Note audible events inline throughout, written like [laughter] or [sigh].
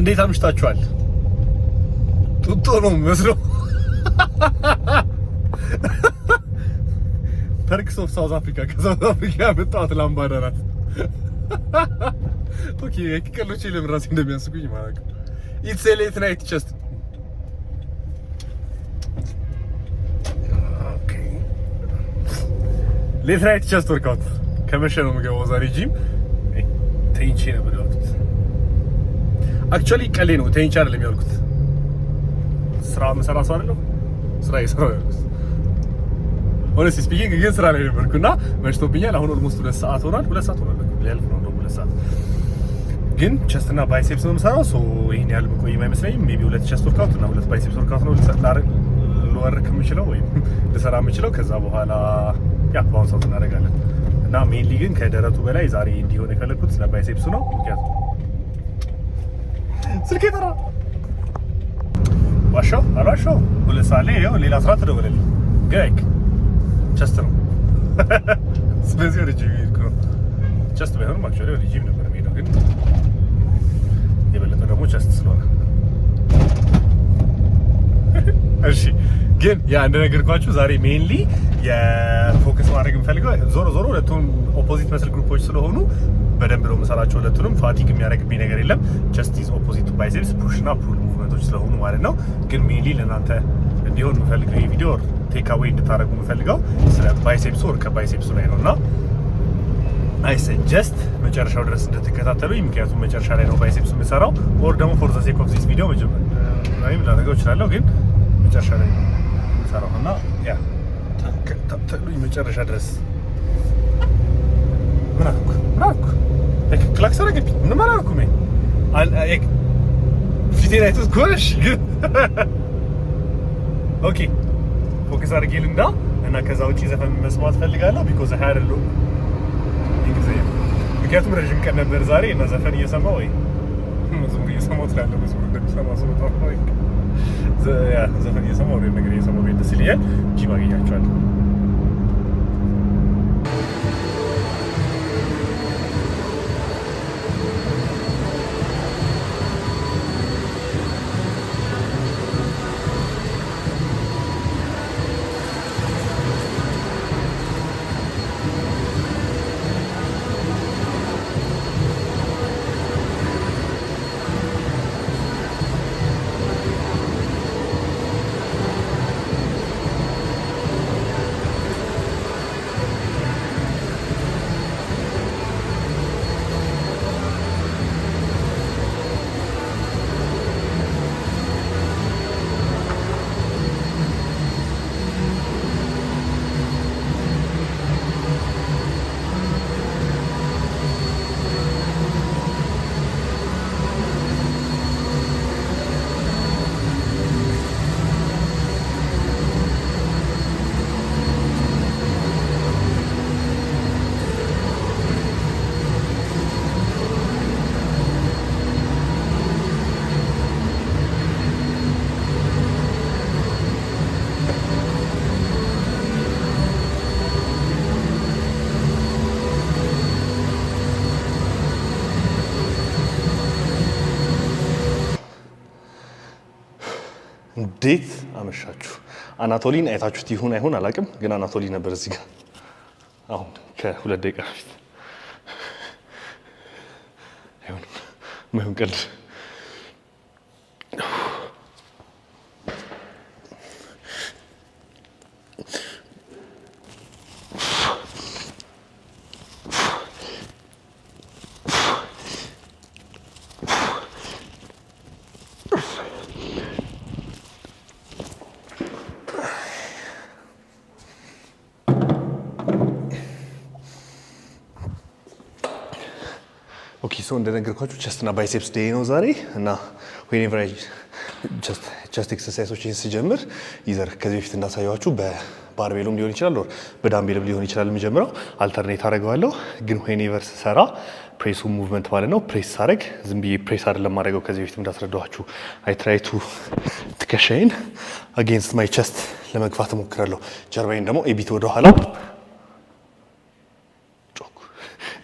እንዴት አምሽታችኋል? ጡጦ ነው መስሎ ተርክስ ኦፍ ሳውዝ አፍሪካ ከሳውዝ አፍሪካ ያመጣት ላምባዳ ናት። ኦኬ ቀሎቼ ለምን ራሴ እንደሚያስጉኝ ማለት ነው። ኢትስ ሌት ናይት ቸስት ኦኬ ሌት ናይት ጀስት ወርክ ከመሸ ነው የምገባው ዛሬ ጂም ተኝቼ ነበር። አክቹዋሊ ቀሌ ነው ተኝቼ አይደለም ያልኩት። ስራ መሰራ ሰው አይደለሁ ስራ የሰራው ያልኩት ሆነስቲ ስፒኪንግ ግን ስራ ላይ ነበርኩና መሽቶብኛል። አሁን ኦልሞስት ሁለት ሰዓት ሆኗል። ሁለት ሰዓት ሆኗል ሊያልፍ ነው ሁለት ሰዓት ግን ቸስት እና ባይሴፕስ ነው የምሰራው። ሶ ይሄን ያህል ብቆይም አይመስለኝም። ሜቢ ሁለት ቸስት ወርካውት እና ሁለት ባይሴፕስ ወርካውት ነው ልወርክ የምችለው ወይም [laughs] ልሰራ የምችለው። ከዛ በኋላ ያ በአሁን ሰዓት እናደርጋለን እና ሜንሊ ግን ከደረቱ በላይ ዛሬ እንዲሆን የፈለግኩት ስለ ባይሴፕሱ ነው ምክንያቱም ስልክ የጠራ ዋሻው አልዋሻው ሁለት ሰዓት ላይ ይኸው ሌላ ስራ ትደውልልኝ ገይክ ቸስት ነው። [laughs] ስለዚህ ወደ ጂም ሄድኩ ነው። ቸስት ባይሆንም አክቹዋሊ ወደ ጂም ነበር የሚሄደው፣ ግን የበለጠ ደግሞ ቸስት ስለሆነ [laughs] እሺ። ግን ያ እንደነገርኳችሁ ዛሬ ሜንሊ የፎከስ ማድረግ የምፈልገው ዞሮ ዞሮ ሁለቱም ኦፖዚት መስል ግሩፖች ስለሆኑ በደንብ ነው የምሰራቸው ሁለቱንም። ፋቲግ የሚያደርግብኝ ነገር የለም። ኢዝ ኦፖዚት ባይሴፕስ ፑሽ ፑሽና ፑል ሙቭመንቶች ስለሆኑ ማለት ነው። ግን ሜንሊ ለእናንተ እንዲሆን የምፈልገው ቪዲዮ ቴክ አዌይ እንድታደርጉ የምፈልገው ስለ ባይሴፕሱ ወር ከባይሴፕሱ ላይ ነው እና አይ ሰጀስት መጨረሻው ድረስ እንድትከታተሉኝ ምክንያቱም መጨረሻ ላይ ነው ባይሴፕስ የምሰራው። ኦር ደግሞ ፎር ዘ ሴክ ኦፍ ዚስ ቪዲዮ መጀመር ወይም ላደርገው እችላለሁ፣ ግን መጨረሻ ላይ ነው የምሰራው እና ያ ተከታተሉኝ መጨረሻ ድረስ ምን አልኩ ክላክሰር አገቢ ምንም አላልኩም። ፊቴን አይቶት ጎሽ። ግን ኦኬ ፎከስ አድርጌ ልምዳ እና ከዛ ውጪ ዘፈን መስማት ፈልጋለሁ። ቢኮዝ ሀያ አደለ ጊዜ ምክንያቱም ረዥም ቀን ነበር ዛሬ እና ዘፈን እየሰማ ወይ መዝሙር እየሰማሁ ትላለህ። መዝሙር እንደሚሰማ ሰው ዘፈን እየሰማሁ ነገር እየሰማሁ ደስ ይለኛል። ጂ ባገኛቸዋለሁ እንዴት አመሻችሁ። አናቶሊን አይታችሁት ይሁን አይሆን አላውቅም፣ ግን አናቶሊ ነበር እዚህ ጋር አሁን ከሁለት ደቂቃ በፊት አይሆንም፣ ማይሆን ቀልድ ሰው እንደነገርኳችሁ ቸስትና ባይሴፕስ ዴይ ነው ዛሬ እና ዌንኤቨር አይ ቸስት ኤክሰርሳይሶች ስጀምር ይዘር ከዚህ በፊት እንዳሳየኋችሁ በባርቤሉም ሊሆን ይችላል ኦር በዳምቤልም ሊሆን ይችላል የምጀምረው አልተርኔት አደርገዋለሁ። ግን ዌኔቨር ስሰራ ፕሬሱ ሙቭመንት ማለት ነው። ፕሬስ ሳደርግ ዝም ብዬ ፕሬስ አይደለም ማድረገው። ከዚህ በፊት እንዳስረዳኋችሁ አይትራይቱ ትከሻይን አጌንስት ማይ ቸስት ለመግፋት ሞክራለሁ ጀርባይን ደግሞ ኤቢት ወደኋላ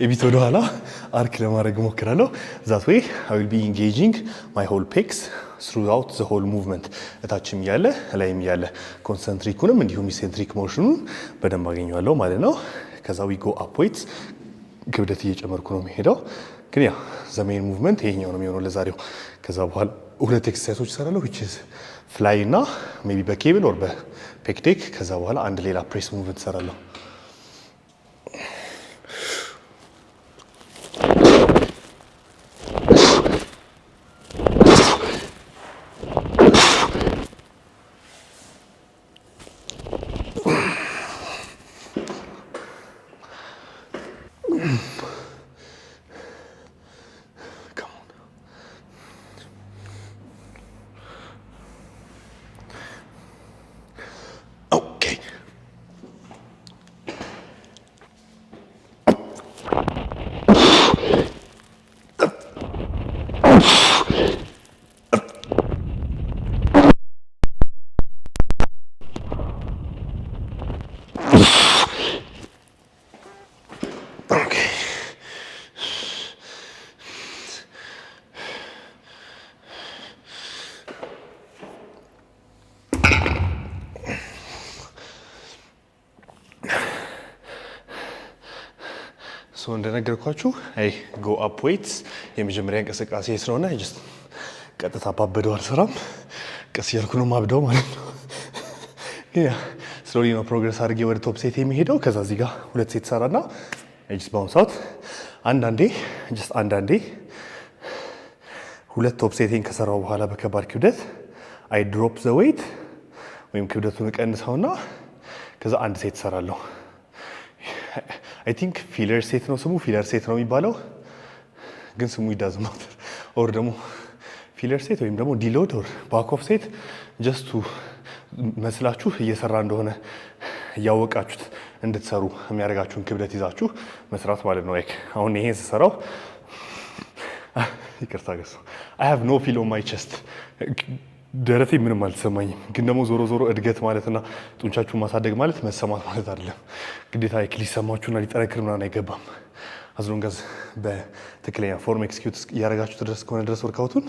ኤቢት ኋላ አርክ ለማድረግ እሞክራለሁ። ዛት ዌይ አይ ዊል ቢ ኢንጌጂንግ ማይ ሆል ፔክስ ስሩአውት ዘ ሆል ሙቭመንት እታችም እያለ ላይም እያለ ኮንሰንትሪኩንም እንዲሁም ኢሴንትሪክ ሞሽኑን በደንብ አገኘዋለሁ ማለት ነው። ከዛ ዊ ጎ አፕ ዌይት ክብደት እየጨመርኩ ነው የሚሄደው። ግን ያ ዘሜን ሙቭመንት ይሄኛው ነው የሚሆነው ለዛሬው። ከዛ በኋላ ሁለት ኤክሰርሳይሶች እሰራለሁ ዊች ኢዝ ፍላይ እና ሜይ ቢ በኬብል ኦር በፔክቴክ። ከዛ በኋላ አንድ ሌላ ፕሬስ ሙቭመንት እሰራለሁ። እንደነገርኳችሁ አይ ጎ አፕ ዌይትስ የመጀመሪያ እንቅስቃሴ ስለሆነ ጀስት ቀጥታ ባበደው አልሰራም። ቀስ እያልኩ ነው ማብደው ማለት ነው። ስሎሊ ነው ፕሮግረስ አድርጌ ወደ ቶፕ ሴት የሚሄደው። ከዛ እዚህ ጋር ሁለት ሴት ሰራና ጅስ በአሁኑ ሰዓት አንዳንዴ ጅስ አንዳንዴ ሁለት ቶፕ ሴቴን ከሰራው በኋላ በከባድ ክብደት አይ ድሮፕ ዘ ዌይት ወይም ክብደቱን እቀንሰውና ከዛ አንድ ሴት ሰራለሁ። አይ ቲንክ ፊለር ሴት ነው ስሙ። ፊለር ሴት ነው የሚባለው ግን ስሙ ይዳዝ ማተር ኦር ደግሞ ፊለር ሴት ወይም ደግሞ ዲሎድ ኦር ባኮፍ ሴት ጀስቱ መስላችሁ እየሰራ እንደሆነ እያወቃችሁት እንድትሰሩ የሚያደርጋችሁን ክብደት ይዛችሁ መስራት ማለት ነው። ላይክ አሁን ይሄን ስሰራው ይቅርታ ገሱ አይ ሃቭ ኖ ፊል ኦን ማይ ቸስት ደረቴ ምንም አልተሰማኝም። ግን ደግሞ ዞሮ ዞሮ እድገት ማለትና ጡንቻችሁን ማሳደግ ማለት መሰማት ማለት አይደለም። ግዴታ ክ ሊሰማችሁና ሊጠነክር ምናምን አይገባም። አዝሎንጋዝ በትክክለኛ ፎርም ኤክስኪዩት እያደረጋችሁ ድረስ ከሆነ ድረስ ወርካውቱን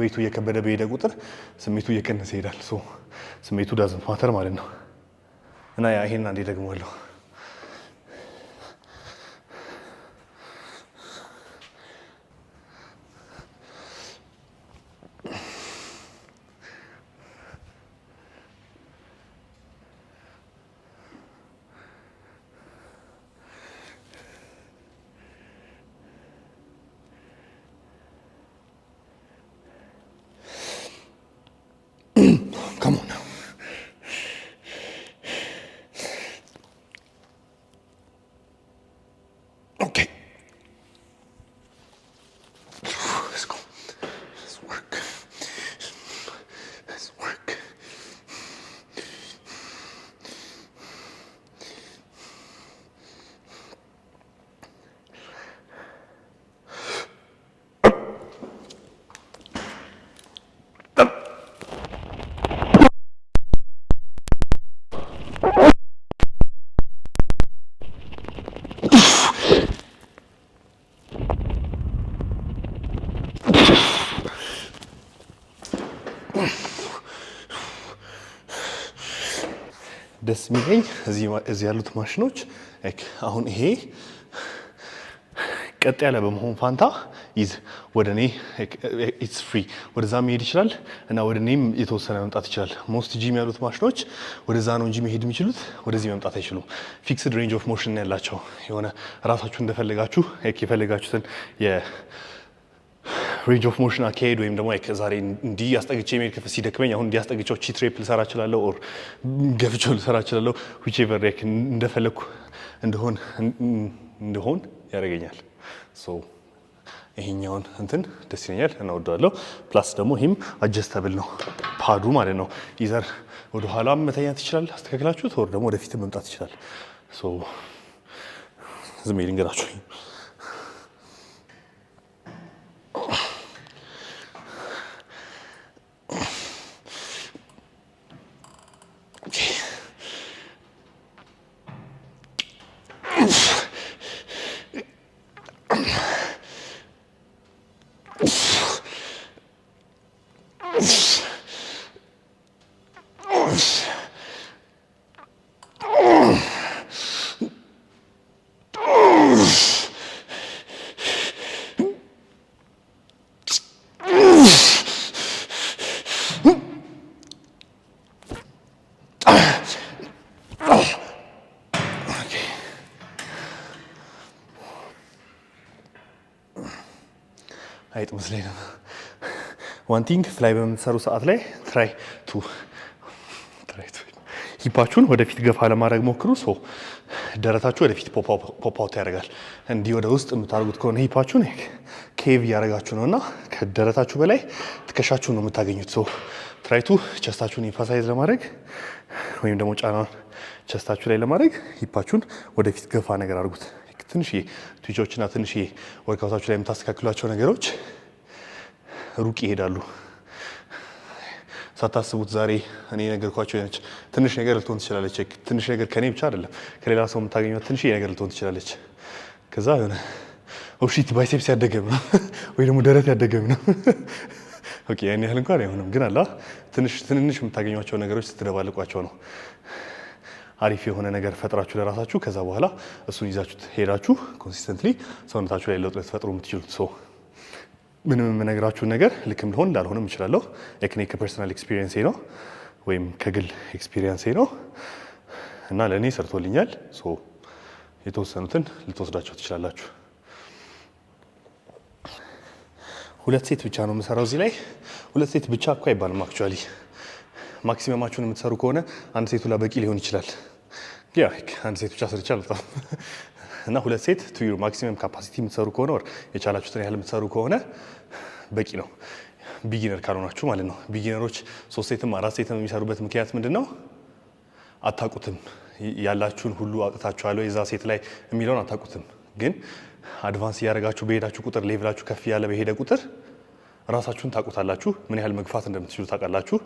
ወይቱ እየከበደ በሄደ ቁጥር ስሜቱ እየቀነሰ ይሄዳል። ስሜቱ ዳዝን ማተር ማለት ነው እና ያ ይሄን አንዴ አለው ደስ የሚለኝ እዚህ ያሉት ማሽኖች አሁን ይሄ ቀጥ ያለ በመሆን ፋንታ ይዝ ወደ እኔ ኢትስ ፍሪ ወደዛ መሄድ ይችላል እና ወደ እኔም የተወሰነ መምጣት ይችላል። ሞስት ጂም ያሉት ማሽኖች ወደዛ ነው እንጂ መሄድ የሚችሉት ወደዚህ መምጣት አይችሉም። ፊክስድ ሬንጅ ኦፍ ሞሽን ያላቸው የሆነ ራሳችሁ እንደፈለጋችሁ የፈለጋችሁትን ሬንጅ ኦፍ ሞሽን አካሄድ ወይም ደግሞ ዛሬ እንዲህ አስጠግቼ የሚሄድ ክፍል ሲደክመኝ አሁን እንዲህ አስጠግቼው ቺ ትሬፕ ልሰራ እችላለሁ፣ ኦር ገፍቼው ልሰራ እችላለሁ። ዊቼቨር ሬክ እንደፈለግኩ እንደሆን እንደሆን ያደርገኛል። ሶ ይሄኛውን እንትን ደስ ይለኛል፣ እናወደዋለሁ። ፕላስ ደግሞ ይህም አጀስተብል ነው ፓዱ ማለት ነው። ይዘር ወደኋላ ኋላ መተኛት ይችላል አስተካክላችሁት፣ ወር ደግሞ ወደፊት መምጣት ይችላል። ሶ ዝም ልንገራችሁ ዋንቲንግ ፍላይ በምትሰሩ ሰዓት ላይ ትራይ ቱ ሂፓችሁን ወደፊት ገፋ ለማድረግ ሞክሩ። ሶ ደረታችሁ ወደፊት ፖፓውት ያደርጋል። እንዲህ ወደ ውስጥ የምታደርጉት ከሆነ ሂፓችሁን ኬቭ እያደረጋችሁ ነው እና ከደረታችሁ በላይ ትከሻችሁን ነው የምታገኙት። ሶ ትራይቱ ቸስታችሁን ኢንፋሳይዝ ለማድረግ ወይም ደግሞ ጫናን ቸስታችሁ ላይ ለማድረግ ሂፓችሁን ወደፊት ገፋ ነገር አድርጉት። ትንሽዬ ትዊቾችና ትንሽዬ ወርካውታችሁ ላይ የምታስተካክሏቸው ነገሮች ሩቅ ይሄዳሉ። ሳታስቡት ዛሬ እኔ የነገርኳቸው ነች ትንሽ ነገር ልትሆን ትችላለች። ትንሽ ነገር ከኔ ብቻ አይደለም ከሌላ ሰው የምታገኘው ትንሽ ነገር ልትሆን ትችላለች። ከዛ ሆነ ኦፕሺት ባይሴፕስ ያደገም ነው [laughs] ወይ ደግሞ ደረት ያደገም ነው። [laughs] ኦኬ ያን ያህል እንኳን አይሆንም፣ ግን አላ ትንሽ ትንንሽ የምታገኟቸው ነገሮች ስትደባልቋቸው ነው አሪፍ የሆነ ነገር ፈጥራችሁ ለራሳችሁ ከዛ በኋላ እሱን ይዛችሁ ሄዳችሁ ኮንሲስተንትሊ ሰውነታችሁ ላይ ለውጥ ልትፈጥሩ የምትችሉት ሰው ምንም የምነግራችሁን ነገር ልክም ልሆን ላልሆንም እችላለሁ። ኤክኔ ከፐርሰናል ኤክስፒሪየንሴ ነው ወይም ከግል ኤክስፒሪየንሴ ነው እና ለእኔ ሰርቶልኛል። የተወሰኑትን ልትወስዳቸው ትችላላችሁ። ሁለት ሴት ብቻ ነው የምሰራው እዚህ ላይ። ሁለት ሴት ብቻ እኮ አይባልም አክቹዋሊ ማክሲመማችሁን የምትሰሩ ከሆነ አንድ ሴቱ ላበቂ ሊሆን ይችላል። ያ አንድ ሴት ብቻ ስርቻ አልጣም እና ሁለት ሴት ቱዩ ማክሲመም ካፓሲቲ የምትሰሩ ከሆነ ወር የቻላችሁትን ያህል የምትሰሩ ከሆነ በቂ ነው። ቢጊነር ካልሆናችሁ ማለት ነው። ቢጊነሮች ሶስት ሴትም አራት ሴትም የሚሰሩበት ምክንያት ምንድን ነው? አታቁትም። ያላችሁን ሁሉ አውጥታችኋለሁ የዛ ሴት ላይ የሚለውን አታቁትም። ግን አድቫንስ እያደረጋችሁ በሄዳችሁ ቁጥር ሌቭላችሁ ከፍ ያለ በሄደ ቁጥር ራሳችሁን ታቁታላችሁ። ምን ያህል መግፋት እንደምትችሉ ታውቃላችሁ።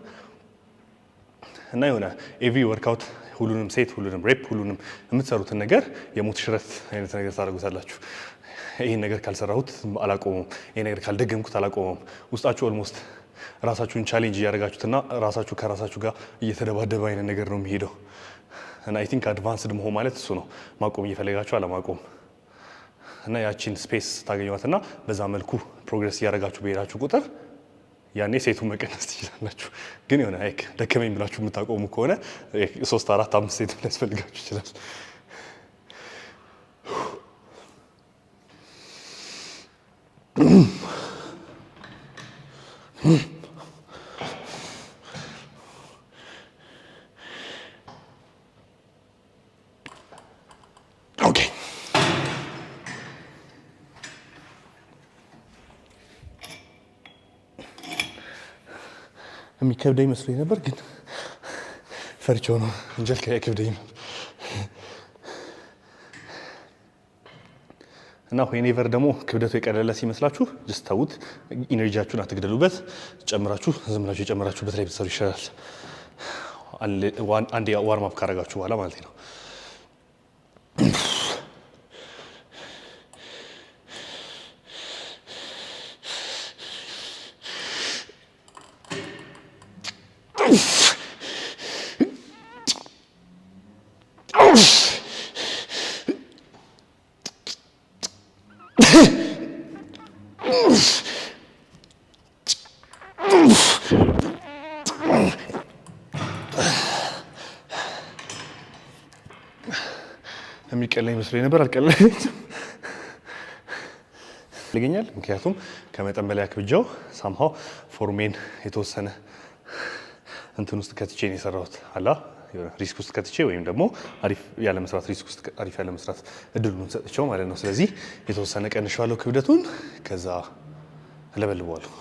እና የሆነ ኤቪ ወርክአውት ሁሉንም ሴት፣ ሁሉንም ሬፕ፣ ሁሉንም የምትሰሩትን ነገር የሞት ሽረት አይነት ነገር ታደርጉታላችሁ። ይህን ነገር ካልሰራሁት አላቆመም፣ ይህ ነገር ካልደገምኩት አላቆመም። ውስጣችሁ ኦልሞስት ራሳችሁን ቻሌንጅ እያደረጋችሁትና ራሳችሁ ከራሳችሁ ጋር እየተደባደበ አይነት ነገር ነው የሚሄደው። እና አይ ቲንክ አድቫንስድ መሆን ማለት እሱ ነው። ማቆም እየፈለጋችሁ አለማቆም እና ያቺን ስፔስ ታገኟትና በዛ መልኩ ፕሮግረስ እያደረጋችሁ በሄዳችሁ ቁጥር ያኔ ሴቱ መቀነስ ትችላላችሁ። ግን የሆነ ደከመኝ ብላችሁ የምታቆሙ ከሆነ ሶስት አራት አምስት ሴት ሊያስፈልጋችሁ ይችላል። የሚከብደኝ መስሎኝ ነበር፣ ግን ፈርቼው ነው እንጂ አይከብደኝም። እና ዌኔቨር ደግሞ ክብደቱ የቀለለ ሲመስላችሁ ጅስት ተዉት። ኢነርጂያችሁን አትግደሉበት። ጨምራችሁ ዝም ብላችሁ የጨምራችሁበት ላይ ብትሰሩ ይሻላል። አንዴ ዋርም ካረጋችሁ በኋላ ማለት ነው። መስሎኝ ነበር። አልቀለለችም ልገኛል ምክንያቱም ከመጠን በላይ አክብጃው ሳምሃው ፎርሜን የተወሰነ እንትን ውስጥ ከትቼ ነው የሰራሁት አላ ሪስክ ውስጥ ከትቼ ወይም ደግሞ አሪፍ ያለመስራት መስራት ሪስክ ውስጥ አሪፍ ያለ እድሉን ሰጥቼው ማለት ነው። ስለዚህ የተወሰነ ቀንሻለሁ ክብደቱን፣ ከዛ እለበልበዋለሁ።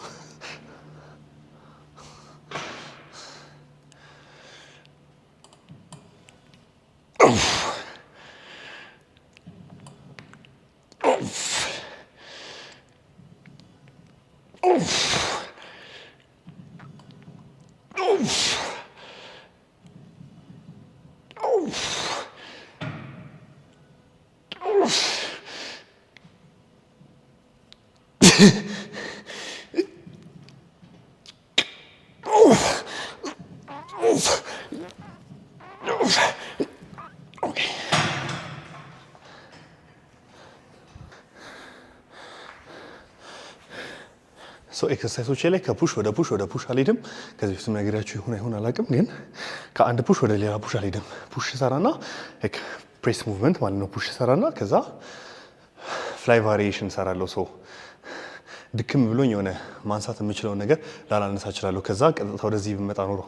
ሰው ኤክሰርሳይሶች ላይ ከፑሽ ወደ ፑሽ ወደ ፑሽ አልሄድም። ከዚህ በፊት ነገሪያችሁ ይሁን አይሆን አላውቅም፣ ግን ከአንድ ፑሽ ወደ ሌላ ፑሽ አልሄድም። ፑሽ ሰራና ፕሬስ ሙቭመንት ማለት ነው። ፑሽ ሰራና ከዛ ፍላይ ቫሪዬሽን ሰራለሁ። ሰው ድክም ብሎኝ የሆነ ማንሳት የምችለውን ነገር ላላነሳ እችላለሁ። ከዛ ቀጥታ ወደዚህ ብመጣ ኖሮ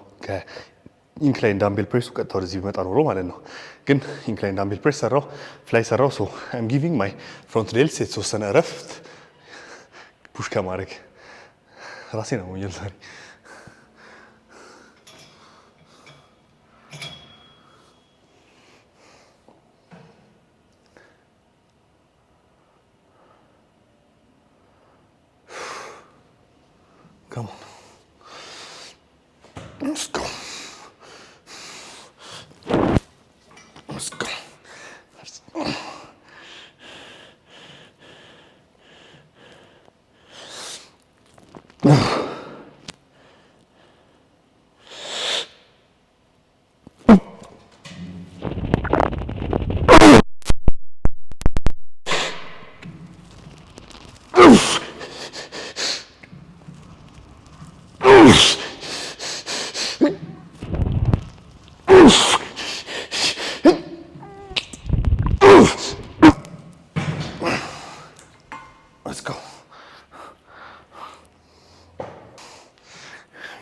ኢንክላይን ዳምቤል ፕሬሱ ቀጥታ ወደዚህ ቢመጣ ኖሮ ማለት ነው። ግን ኢንክላይን ዳምቤል ፕሬስ ሰራው፣ ፍላይ ሰራው። ሶ አም ጊቪንግ ማይ ፍሮንት ዴልስ የተወሰነ እረፍት ፑሽ ከማድረግ ራሴ ነው ወንጀል ዛሬ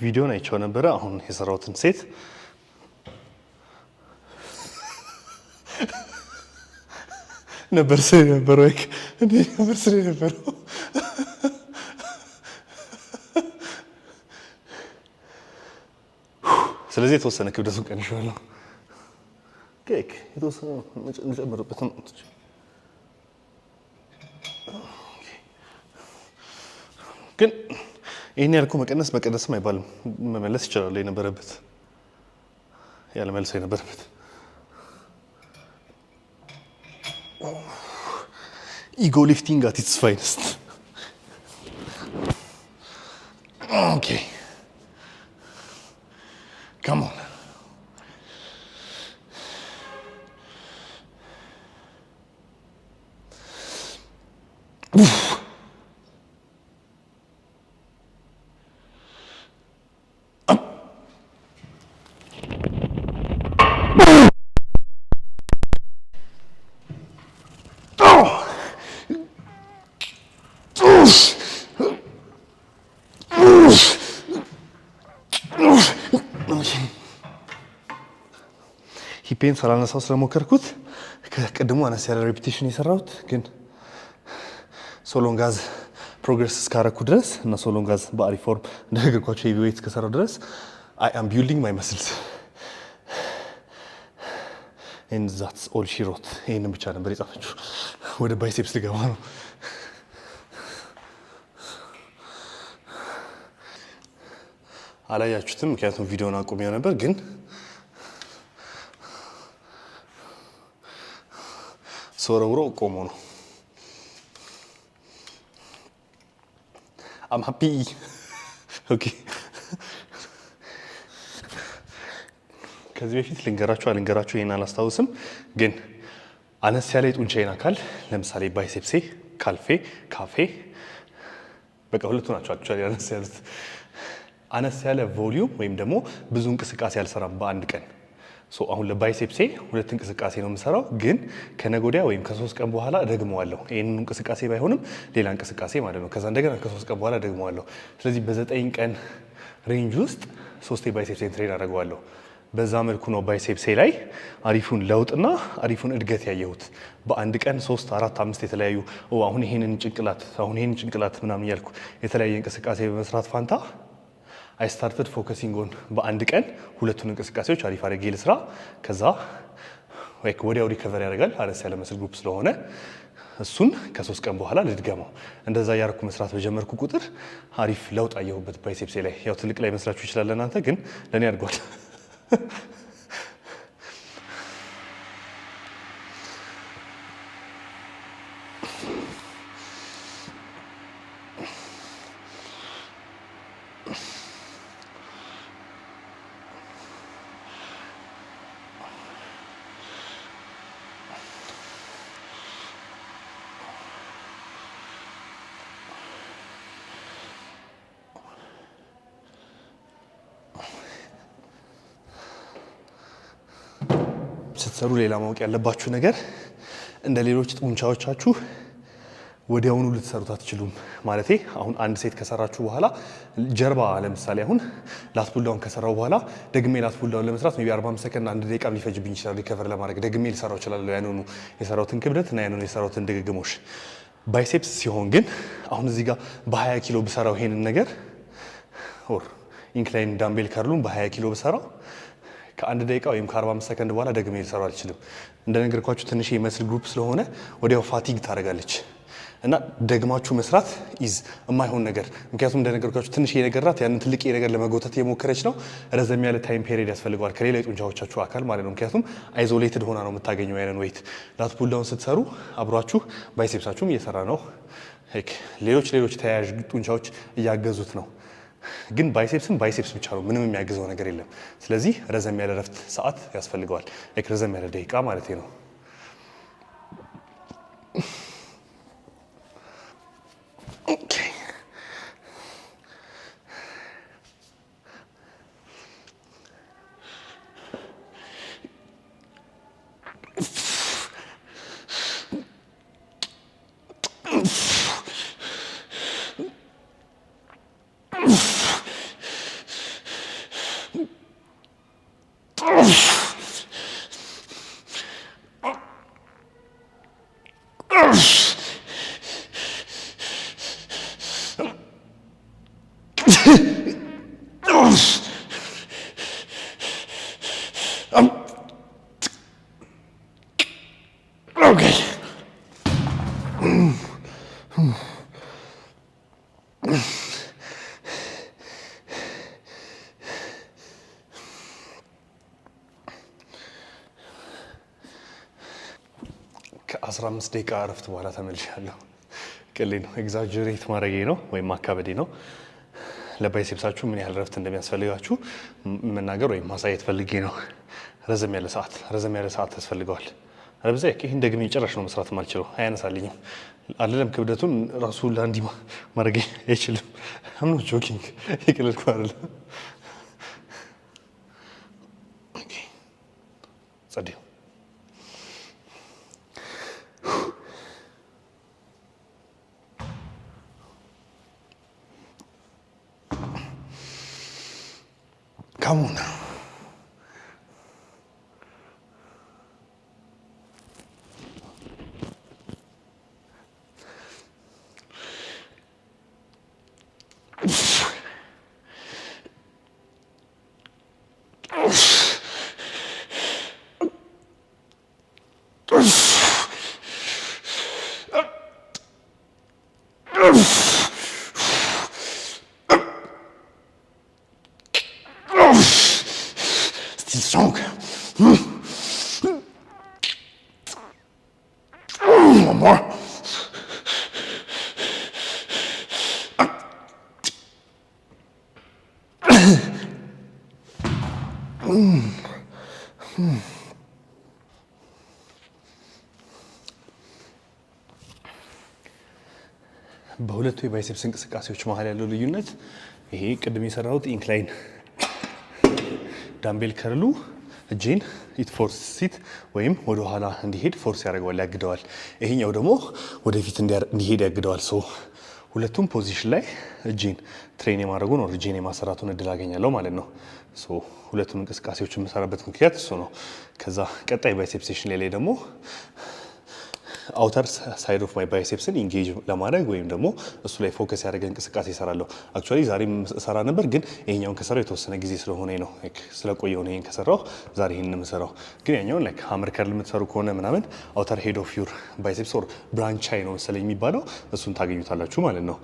ቪዲዮን አይቼው ነበረ። አሁን የሰራሁትን ሴት ነበር ስል ነበረ ነበር ስል ነበረው ስለዚህ የተወሰነ ክብደቱን ቀንሼዋለሁ። ኬክ የተወሰነ ልጨምርበት ነው። ግን ይህን ያልኩ መቀነስ መቀነስም አይባልም፣ መመለስ ይችላል። የነበረበት ያለ የነበረበት ኢጎ ሊፍቲንግ አት ኢትስ ፋይነስት። ኦኬ ካም ኦን Oof. ኪፔን ስላነሳው ስለሞከርኩት ከቅድሞ አነስ ያለ ሬፒቴሽን የሰራሁት ግን ሶሎንጋዝ ፕሮግረስ እስካረኩ ድረስ እና ሶሎንጋዝ በአሪፍ ፎርም እንደነገርኳቸው ሄቪ ዌይት እስከሰራው ድረስ አይ አም ቢልዲንግ ማይ መስልስ ዛትስ ኦል ሺ ሮት። ይህንን ብቻ ነበር የጻፈችው። ወደ ባይሴፕስ ልገባ ነው። አላያችሁትም፣ ምክንያቱም ቪዲዮን አቁሜው ነበር ግን ስወረውሮ ቆሞ ነው። አም ሀፒ ኦኬ። ከዚህ በፊት ልንገራችሁ አልንገራችሁ ይሄን አላስታውስም፣ ግን አነስ ያለ የጡንቻዬን አካል ለምሳሌ ባይሴፕሴ፣ ካልፌ፣ ካፌ በቃ ሁለቱ ናቸው አክቹዋሊ አነስ ያሉት አነስ ያለ ቮሊዩም ወይም ደግሞ ብዙ እንቅስቃሴ አልሰራም በአንድ ቀን አሁን ለባይሴፕሴ ሁለት እንቅስቃሴ ነው የምሰራው፣ ግን ከነጎዲያ ወይም ከሶስት ቀን በኋላ ደግመዋለሁ። ይህንኑ እንቅስቃሴ ባይሆንም ሌላ እንቅስቃሴ ማለት ነው። ከዛ እንደገና ከሶስት ቀን በኋላ ደግመዋለሁ። ስለዚህ በዘጠኝ ቀን ሬንጅ ውስጥ ሶስቴ ባይሴፕሴን ትሬን አደርገዋለሁ። በዛ መልኩ ነው ባይሴፕሴ ላይ አሪፉን ለውጥና አሪፉን እድገት ያየሁት። በአንድ ቀን ሶስት አራት አምስት የተለያዩ አሁን ይሄንን ጭንቅላት አሁን ይሄንን ጭንቅላት ምናምን እያልኩ የተለያየ እንቅስቃሴ በመስራት ፋንታ አይ ስታርትድ ፎከሲንግ ኦን በአንድ ቀን ሁለቱን እንቅስቃሴዎች አሪፍ አድርጌ ልስራ። ከዛ ወዲያው ሪከቨር ያደርጋል አነስ ያለ መስል ግሩፕ ስለሆነ እሱን ከሶስት ቀን በኋላ ልድገመው። እንደዛ እያረኩ መስራት በጀመርኩ ቁጥር አሪፍ ለውጥ አየሁበት ባይሴፕሴ ላይ። ያው ትልቅ ላይ መስራችሁ ይችላል እናንተ፣ ግን ለእኔ አድጓል። ስትሰሩ ሌላ ማወቅ ያለባችሁ ነገር እንደ ሌሎች ጡንቻዎቻችሁ ወዲያውኑ ልትሰሩት አትችሉም። ማለት አሁን አንድ ሴት ከሰራችሁ በኋላ ጀርባ ለምሳሌ አሁን ላት ፑልዳውን ከሰራው በኋላ ደግሜ ላት ፑልዳውን ለመስራት ቢ 45 ሰከንድ አንድ ደቂቃ ሊፈጅብኝ ይችላል። ሪከቨር ለማድረግ ደግሜ ልሰራው ይችላለሁ። ያንኑ የሰራውትን ክብደት እና ያንኑ የሰራውትን ድግግሞሽ። ባይሴፕስ ሲሆን ግን አሁን እዚህ ጋር በ20 ኪሎ ብሰራው ይሄንን ነገር ኢንክላይን ዳምቤል ከርሉን በ20 ኪሎ ብሰራው ከአንድ ደቂቃ ወይም ከ ሰከንድ በኋላ ደግሜ ሊሰሩ አልችልም። እንደነገርኳችሁ ትንሽ የመስል ግሩፕ ስለሆነ ወዲያው ፋቲግ ታደርጋለች እና ደግማችሁ መስራት ኢዝ የማይሆን ነገር ምክንያቱም እንደነገርኳችሁ ትንሽ ነገር ናት። ያንን ትልቅ ነገር ለመጎተት የሞከረች ነው። ረዘም ያለ ታይም ፔሪድ ያስፈልገዋል ከሌላ የጡንቻዎቻችሁ አካል ማለት ነው። ምክንያቱም አይዞሌትድ ሆና ነው የምታገኘው ያንን ወይት። ላት ፑልዳውን ስትሰሩ አብሯችሁ ባይሴፕሳችሁም እየሰራ ነው። ሌሎች ሌሎች ተያያዥ ጡንቻዎች እያገዙት ነው። ግን ባይሴፕስም ባይሴፕስ ብቻ ነው፣ ምንም የሚያግዘው ነገር የለም። ስለዚህ ረዘም ያለ ረፍት ሰዓት ያስፈልገዋል። ረዘም ያለ ደቂቃ ማለት ነው። ኦኬ Okay. ከአስራ አምስት ደቂቃ እረፍት በኋላ ተመልሻለሁ። ቅሌ ነው፣ ኤግዛጀሬት ማድረጌ ነው ወይም አካበዴ ነው። ለባይሴፕሳችሁ ምን ያህል እረፍት እንደሚያስፈልጋችሁ መናገር ወይም ማሳየት ፈልጌ ነው። ረዘም ያለ ሰዓት ረዘም ያለ ሰዓት ያስፈልገዋል። አለበለዚያ ይህን ደግሜ ጭራሽ ነው መስራት አልችለው፣ አያነሳልኝም። አለለም ክብደቱን ራሱ ለአንዲ ማድረግ አይችልም። አምኖ ጆኪንግ የቀለድኩ አይደለም። ጸዴ ሁለቱ የባይሴፕስ እንቅስቃሴዎች መሀል ያለው ልዩነት ይሄ ቅድም የሰራሁት ኢንክላይን ዳምቤል ከርሉ እጄን ኢት ፎርስ ሲት ወይም ወደኋላ እንዲሄድ ፎርስ ያደርገዋል፣ ያግደዋል። ይሄኛው ደግሞ ወደፊት እንዲሄድ ያግደዋል። ሶ ሁለቱም ፖዚሽን ላይ እጄን ትሬን የማድረጉ ነው እጄን የማሰራቱን እድል አገኛለሁ ማለት ነው። ሶ ሁለቱም እንቅስቃሴዎች የምሰራበት ምክንያት እሱ ነው። ከዛ ቀጣይ ባይሴፕሴሽን ላይ ላይ ደግሞ አውተር ሳይድ ኦፍ ማይ ባይሴፕስን ኢንጌጅ ለማድረግ ወይም ደግሞ እሱ ላይ ፎከስ ያደረገ እንቅስቃሴ እሰራለሁ። አክቹዋሊ ዛሬ ሰራ ነበር፣ ግን ይሄኛውን ከሰራው የተወሰነ ጊዜ ስለሆነ ነው ስለቆየው ነው ይሄን ከሰራው ዛሬ ይሄን የምሰራው። ግን ያኛውን ላይክ ሃመር ከርል የምትሰሩ ከሆነ ምናምን አውተር ሄድ ኦፍ ዩር ባይሴፕስ ኦር ብራንቻይ ነው መሰለኝ የሚባለው እሱን ታገኙታላችሁ ማለት ነው።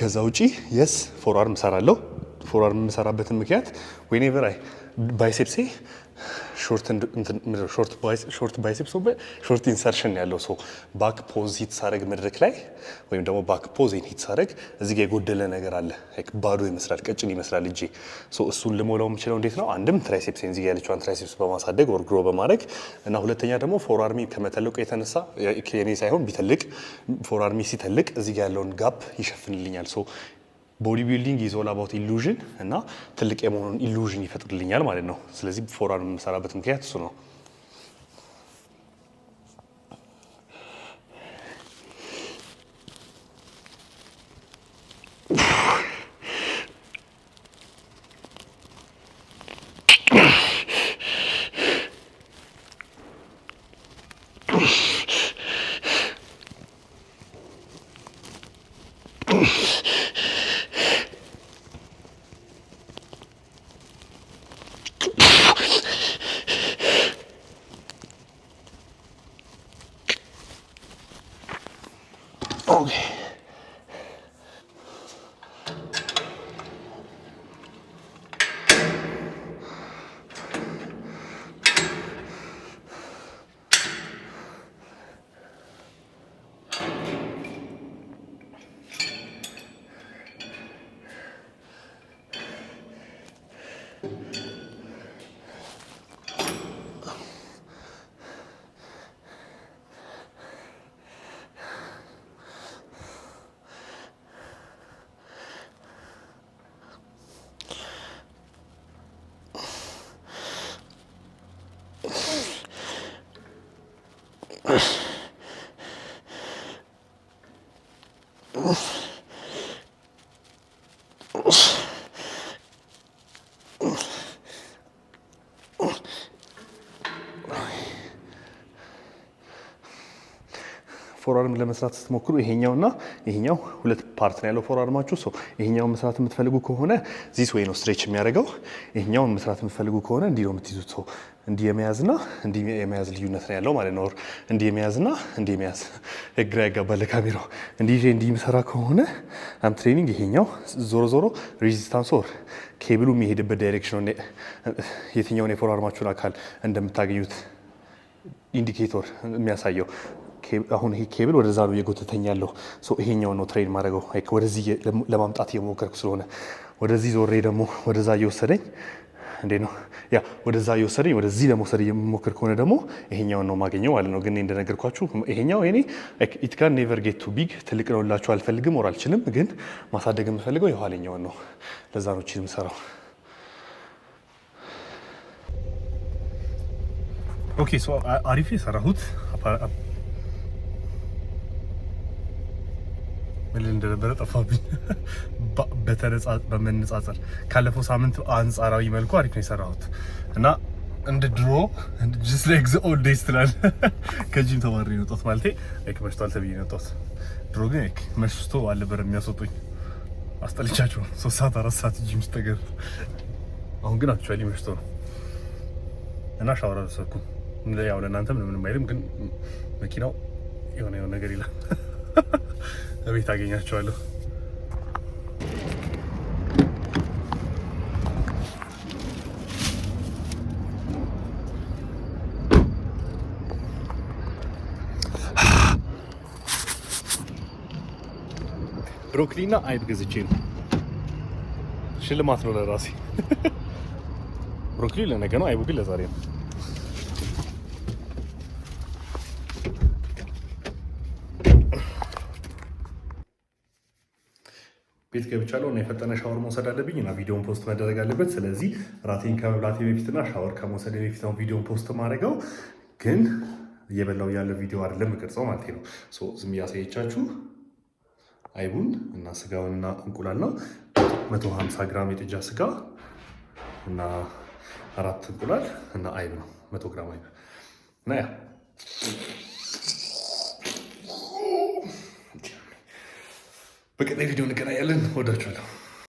ከዛ ውጪ የስ ፎርአርም እሰራለሁ። ፎርአርም የምሰራበትን ምክንያት ዌኔቨር አይ ባይሴፕሴ ሾርት ባይሴፕ ባይሴፕስ ሾርት ኢንሰርሽን ያለው ሰው ባክ ፖዝ ሂት ሳረግ መድረክ ላይ ወይም ደግሞ ባክ ፖዝ ሂት ሳረግ እዚ ጋ የጎደለ ነገር አለ። ባዶ ይመስላል፣ ቀጭን ይመስላል እጄ። እሱን ልሞላው የምችለው እንዴት ነው? አንድም ትራይሴፕስ እዚህ ጋ ያለችዋን ትራይሴፕስ በማሳደግ ወር ግሮ በማድረግ እና ሁለተኛ ደግሞ ፎር አርሚ ከመተለቁ የተነሳ የኔ ሳይሆን ቢተልቅ ፎር አርሚ ሲተልቅ እዚ ጋ ያለውን ጋፕ ይሸፍንልኛል። ቦዲ ቢልዲንግ ኢዝ ኦል ኢሉዥን እና ትልቅ የመሆኑን ኢሉዥን ይፈጥርልኛል ማለት ነው። ስለዚህ ፎራን የምሰራበት ምክንያት እሱ ነው። long. Oof. ፎርአርም ለመስራት ስትሞክሩ ይሄኛውና ይሄኛው ሁለት ፓርት ነው ያለው ፎርአርማችሁ። ሶ ይሄኛውን መስራት የምትፈልጉ ከሆነ ዚስ ወይ ነው ስትሬች የሚያደርገው። ይሄኛውን መስራት የምትፈልጉ ከሆነ እንዲህ ነው የምትይዙት። ሶ እንዲህ የመያዝና እንዲህ የመያዝ ልዩነት ነው ያለው ማለት ነው። እንዲህ የመያዝና እንዲህ የመያዝ እግራ ያጋባል ካሜራው። እንዲህ እንዲህ የሚሰራ ከሆነ አም ትሬኒንግ ይሄኛው ዞሮ ዞሮ ሬዚስታንስ ኦር ኬብሉ የሚሄድበት ዳይሬክሽን ነው የትኛውን የፎርአርማችሁን አካል እንደምታገኙት ኢንዲኬተር የሚያሳየው አሁን ይሄ ኬብል ወደዛ ነው እየጎተተኝ ያለው። ይሄኛው ነው ትሬን ማድረገው ወደዚህ ለማምጣት እየሞከርኩ ስለሆነ ወደዚህ ዞሬ ደግሞ ወደዛ እየወሰደኝ እንዴ ነው ያ ወደዛ እየወሰደኝ ወደዚህ ለመውሰድ የምሞክር ከሆነ ደግሞ ይሄኛውን ነው ማገኘው ማለት ነው። ግን እንደነገርኳችሁ ይሄኛው ይሄኔ ኢት ኔቨር ጌት ቱ ቢግ ትልቅ ነውላችሁ አልፈልግም፣ ወር አልችልም። ግን ማሳደግ የምፈልገው የኋለኛውን ነው። ለዛ ነው ችል የምሰራው። ኦኬ አሪፍ የሰራሁት ምን እንደነበረ ጠፋብኝ። በመነጻጸር ካለፈው ሳምንት አንጻራዊ መልኩ አሪፍ ነው የሰራሁት እና እንደ ድሮ ጅስ ላይክ ዘ ኦልድ ዴይስ ትላል። ከጂም ተባሪ ነው የወጣሁት ማለቴ ላይክ መሽቷል ተብዬ ነው የወጣሁት። ድሮ ግን ላይክ መሽቶ አልነበረ የሚያስወጡኝ አስጠልቻቸው ሶስት ሰዓት አራት ሰዓት ጂም ስተገር። አሁን ግን አክቹዋሊ መሽቶ ነው እና ሻወር አልወሰድኩም። ያው ለእናንተ ምንም አይልም፣ ግን መኪናው የሆነ የሆነ ነገር ይላል። እቤት አገኛቸዋለሁ። ብሮኮሊ እና አይብ ገዝቼ ነው። ሽልማት ነው ለራሴ። ብሮኮሊ ለነገ ነው፣ አይቡ ግን ለዛሬ ነው። ቤት ገብቻለሁ እና የፈጠነ ሻወር መውሰድ አለብኝ እና ቪዲዮን ፖስት መደረግ አለበት። ስለዚህ ራቴን ከመብላቴ በፊትና ሻወር ከመውሰድ በፊት ነው ቪዲዮን ፖስት ማድረገው ግን እየበላው ያለ ቪዲዮ አይደለም ቅርጸው ማለት ነው። ዝም እያሳየቻችሁ አይቡን እና ስጋውንና እንቁላል ነው። 150 ግራም የጥጃ ስጋ እና አራት እንቁላል እና አይብ ነው። 100 ግራም አይብ እና ያ በቀጣይ ቪዲዮ እንገናኛለን። ወዳችኋለሁ።